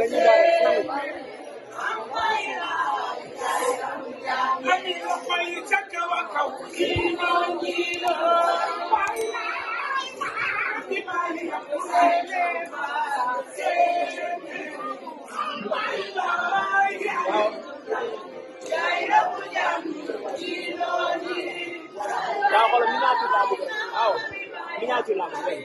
dañuy daal waaw xoolal miniature laa bëgg waaw miniature laa bëgg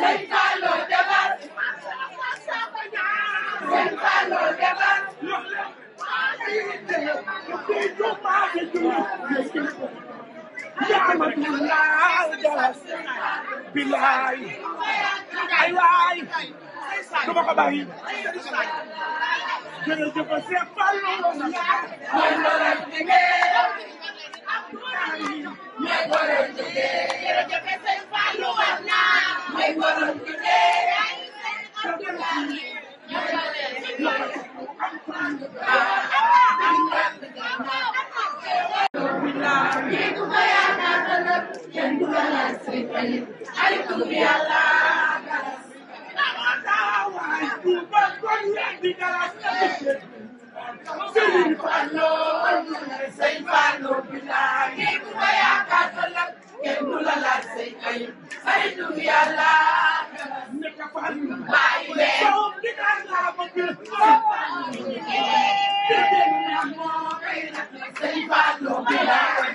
Sëñ Fallou defar. Sëñ Fallou defar. bilaay ay waay du ma ko bàyyi jërëjëf Sëñ Fallou Sëriñ Fallu sëy Fallu bilaa képp ku ma yaakaar ëllëg kenn du la laaj say ay xaritu yàlla bàyyi leen sëy Fallu bilaa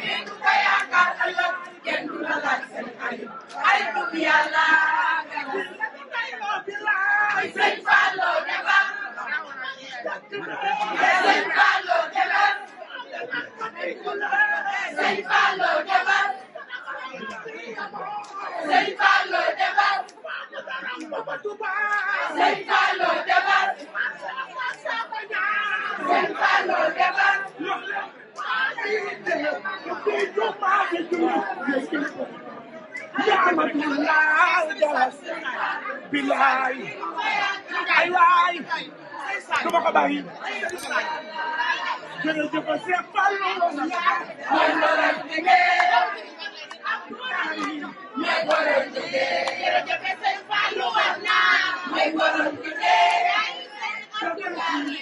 képp ku ma yaakaar ëllëg kenn du la laaj say ay xaritu yàlla Sëñ Fallu defar. Sëñ Fallu defar. Sëñ Fallu defar. bilaay ay waay du ma ko bàyyi jërëjëf Seex Fallu mooy borom juge jërëjëf sëñ Fallou wax na mooy borom juge ay sëñ Abdoulaye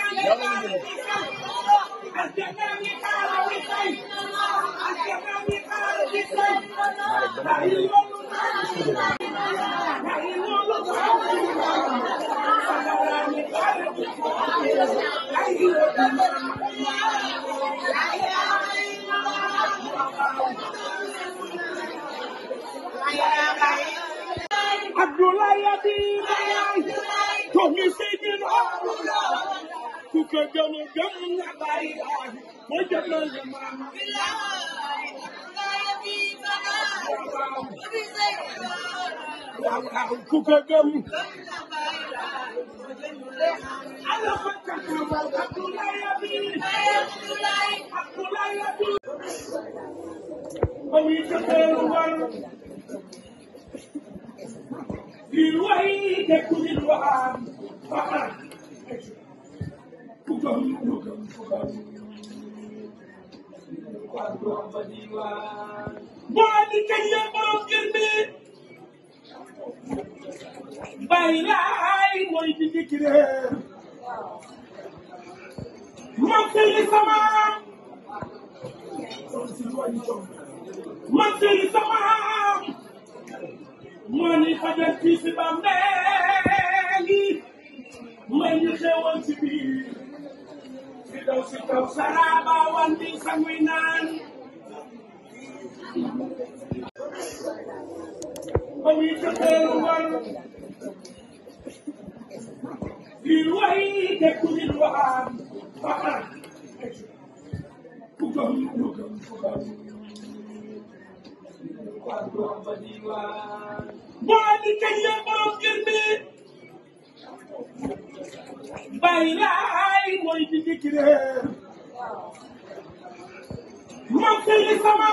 jono jom nga bàyyi aaju ma jono la maam bilaay akaya bi bana bi say waaw waaw ku ko gëm ala fa takaba akaya bi akaya akaya bi ba wi ko teeru war lil wahi de kulil waan borom bi kañ la borom kër bay laay mooy di dikkiree mottali sama mottali sama moo ni xajal fii si bàmbeeli may ñu xewal si daw si kaw saraba wan di sanguy naan ba muy tëkkeelu war lil way dekku lil waxaan waxaan ku gëm ku gëm ku gëm waa du am ba diwaan boo di kañ leen borom ngir bi bàyyi laay mooy di dikki réer manteli sama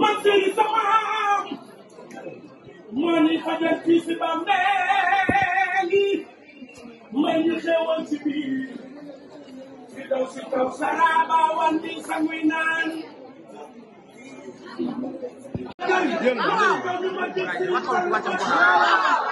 manteli sama moo ni xajar fii si bàmmeeli may ñu xewal ci biir si daw si kaw saraba wan bi sanguy naan Jangan, jangan. Jangan, jangan.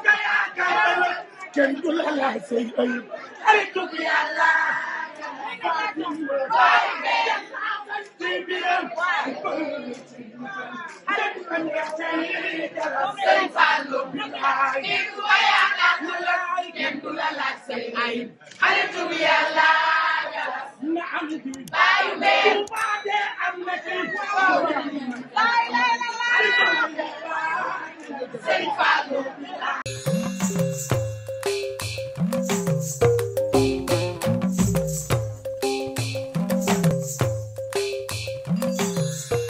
kenn du la laaj say ayib ay dugg yàlla kenn du la laaj say ayib ay dugg yàlla